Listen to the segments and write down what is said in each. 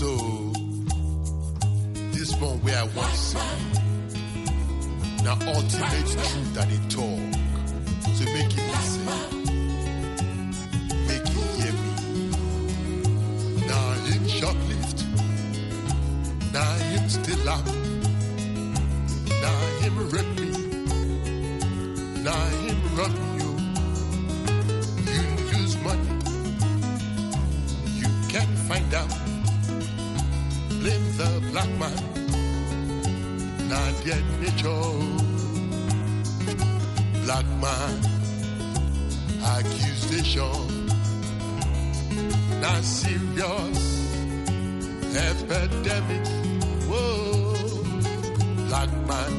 soul. This one where I want some. Now ultimate truth that they talk. So make it listen. Make it hear me. Now in shoplift. Now him still up. Now him rip getting it chose. Black man accusation, not serious epidemic. Whoa, black man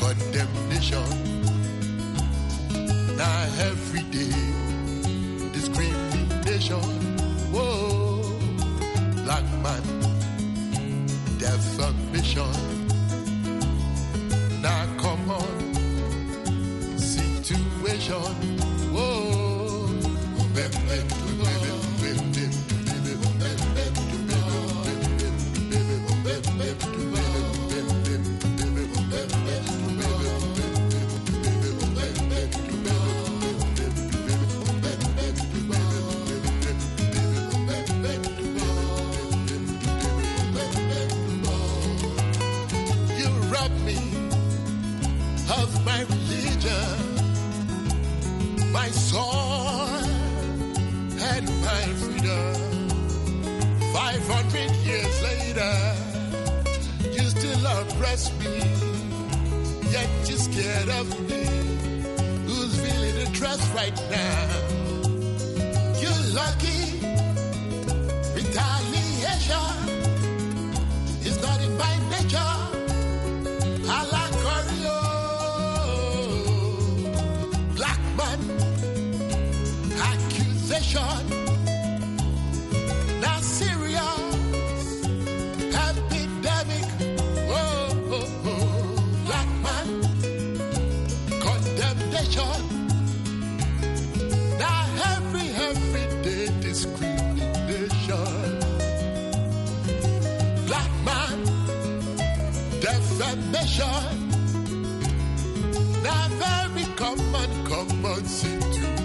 condemnation, now everyday discrimination. Whoa, black man defamation. Not common situation. of my religion, my soul and my freedom. 500 years later, you still oppress me, yet you're scared of me. Who's feeling the trust right now? You're lucky. defamation. Now very common, common situation.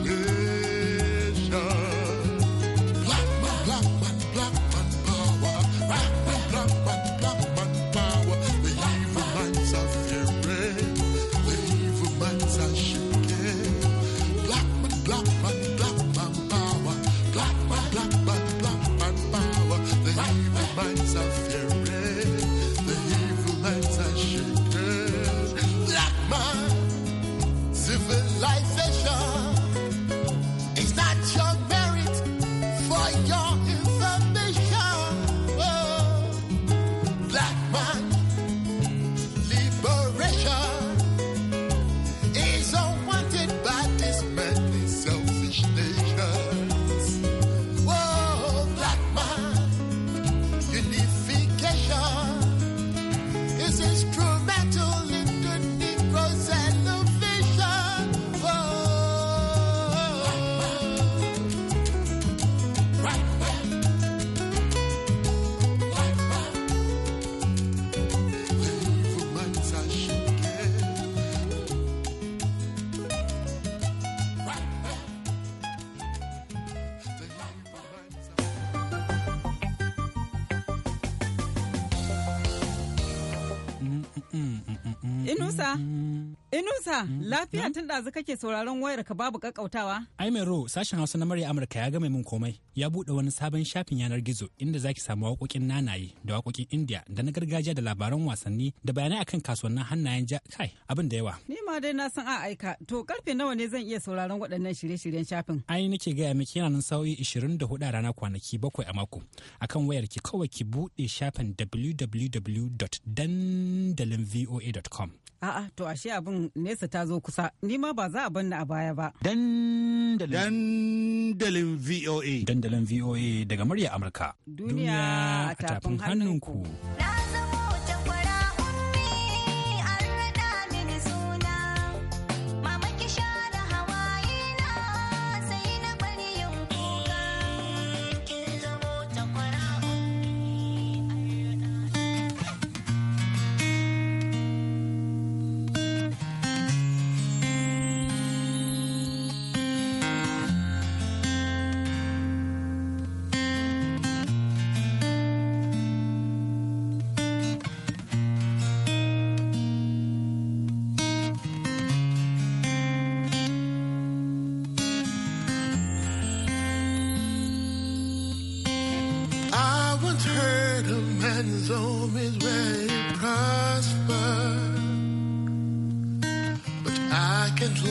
Inusa, hmm? lafiya hmm? tun ɗazu kake sauraron wayar ka babu kakkautawa? Ai mai ro, sashen Hausa na murya Amurka ya gama min komai. Ya buɗe wani sabon shafin yanar gizo inda zaki samu waƙoƙin nanaye da waƙoƙin India da na gargajiya da labaran wasanni da bayanai akan kasuwannin hannayen ja kai abin da yawa. Ni ma dai na san a aika. To karfe nawa ne zan iya sauraron waɗannan shirye-shiryen shafin? Ai nake gaya miki yana nan sa'o'i hudu a rana kwanaki bakwai a mako. Akan wayar ki kawai ki buɗe shafin www.dandalinvoa.com. A'a to ashe abin nesa ta zo kusa nima ba za a banna a baya ba. Dandalin VOA. Dandalin VOA daga murya Amurka. Duniya a tafin hannunku.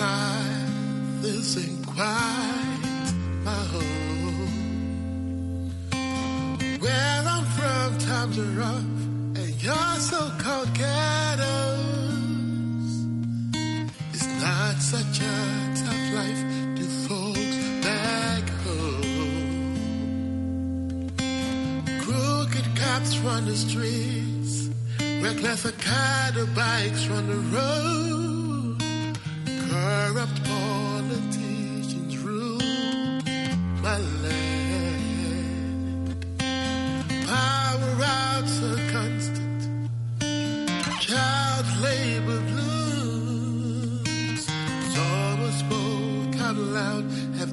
life isn't quite my home. Where I'm from, times are rough, and your so-called ghettos. It's not such a tough life to folks back home. Crooked cops run the streets, reckless Okada bikes run the road. Child labor blues. Thomas Cadillac have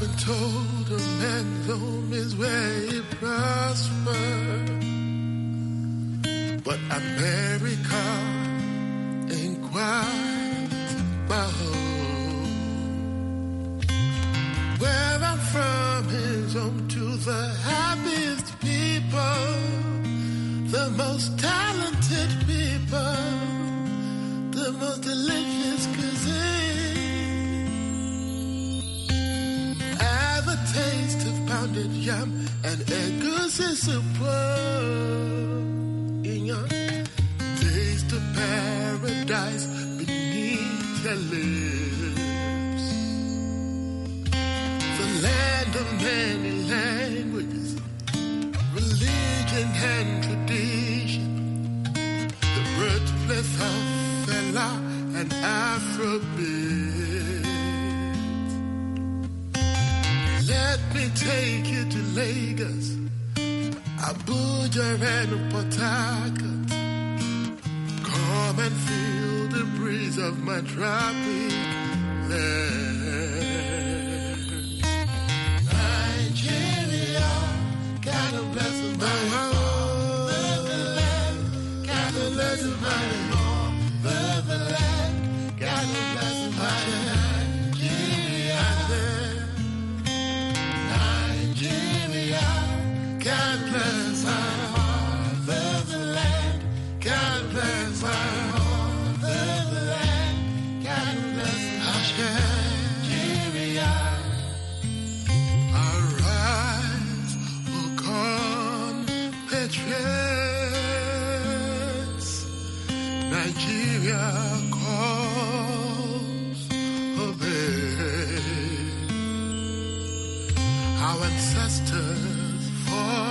been told a man's home is where he prospers. But America inquired Ẹ̀gúsí ṣùpọ̀ iyán. Taste the paradise beneath your lips. The land of many languages, religion and tradition. The birthplace of Fela and Afrobeat. Let me take you to Lagos, Abuja, and Port Come and feel the breeze of my tropic land. Nigeria calls obey. Our ancestors fought.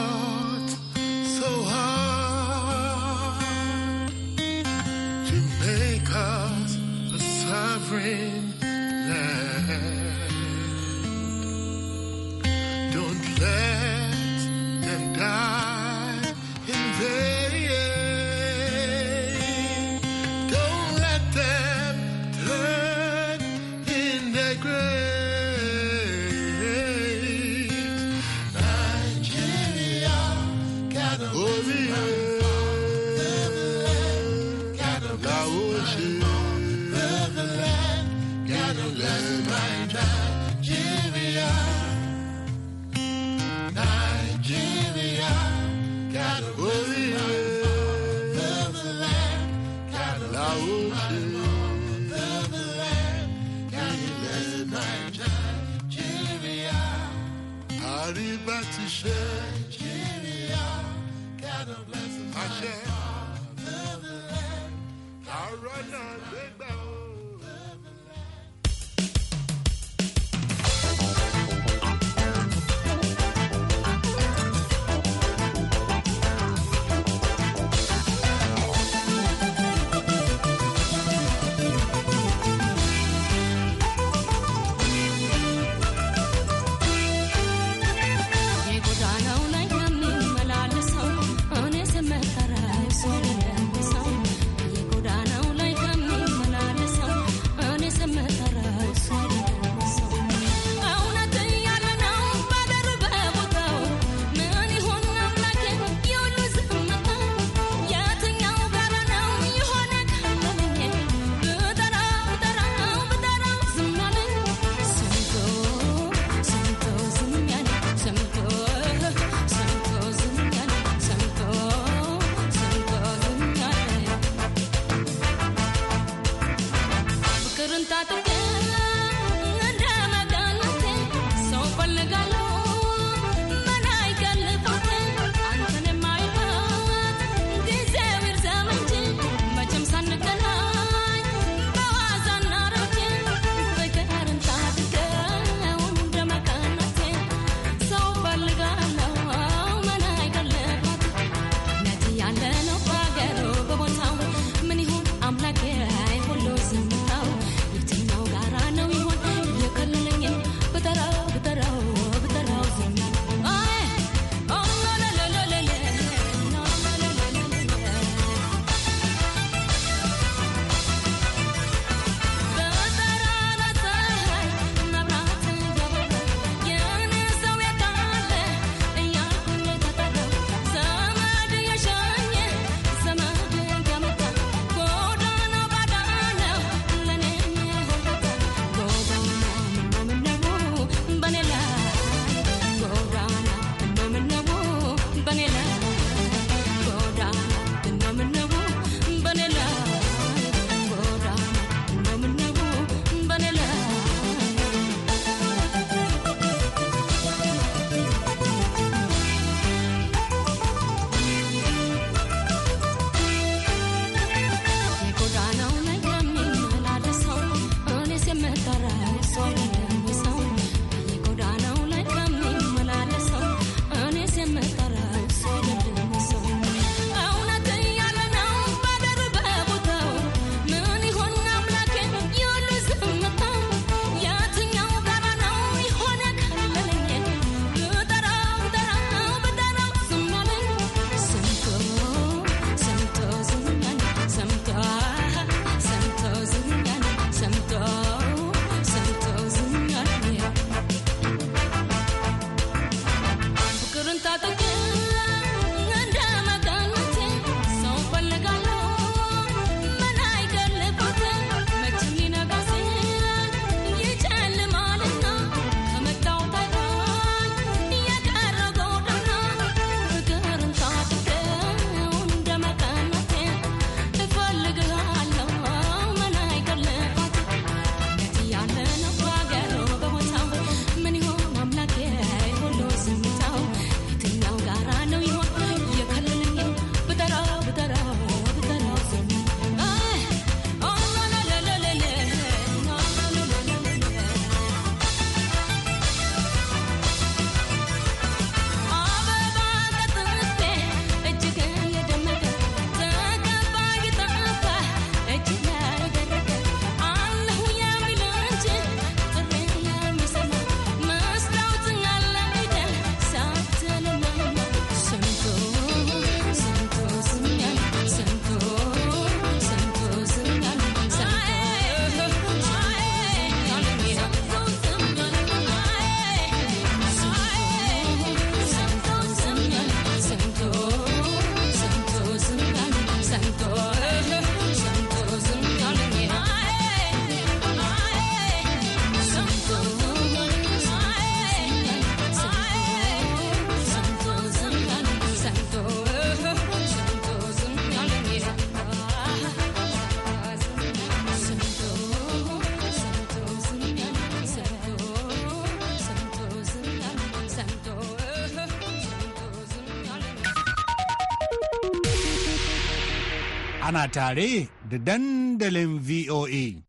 tare da dandalin VOA.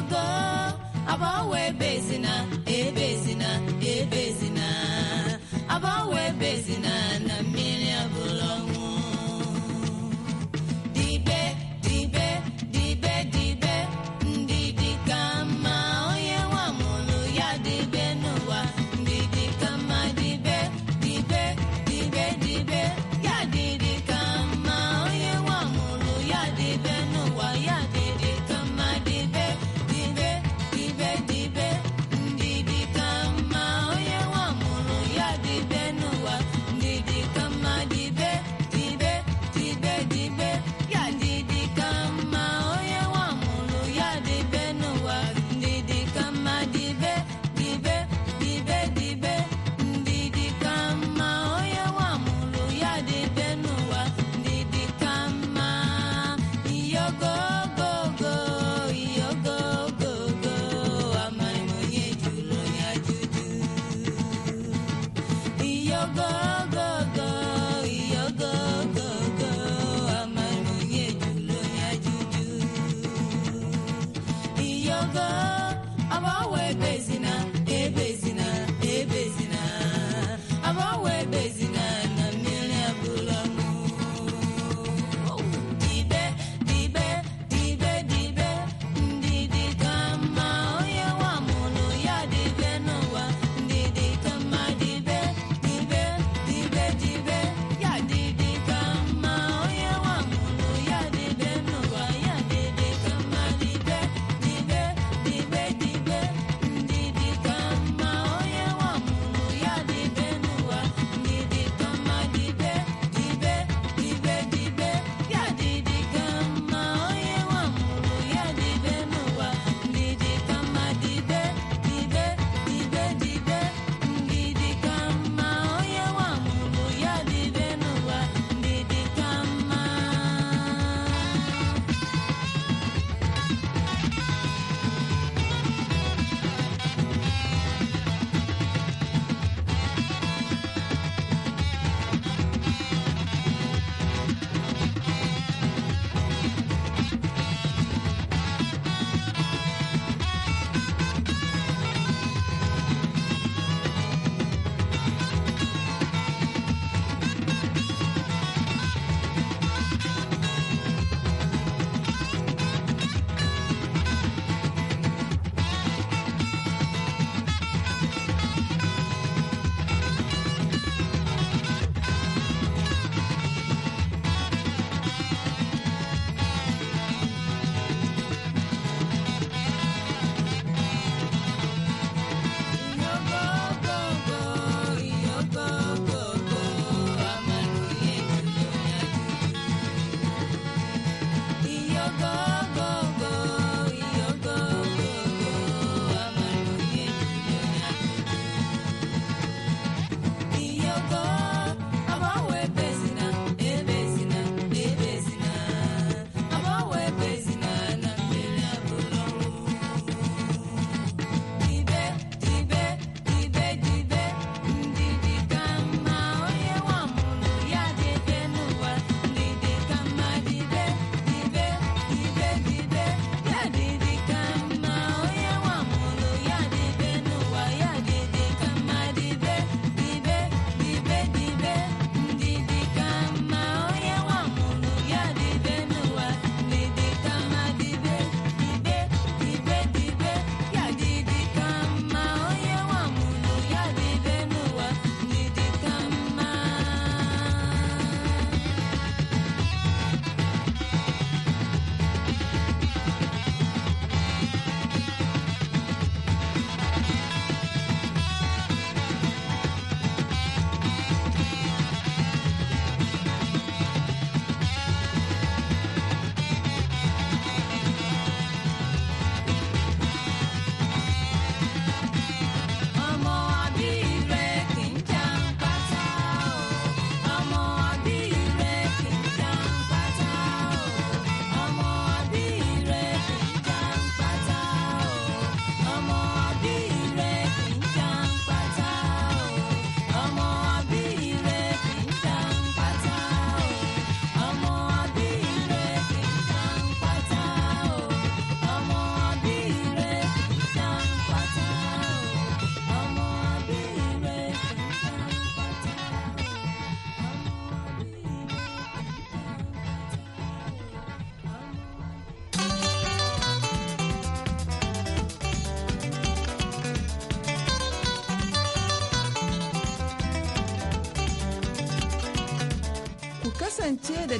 go, I have always been.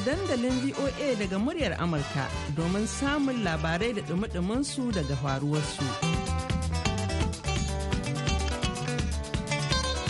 dandalin VOA daga muryar Amurka domin samun labarai da dumi su daga faruwarsu. su.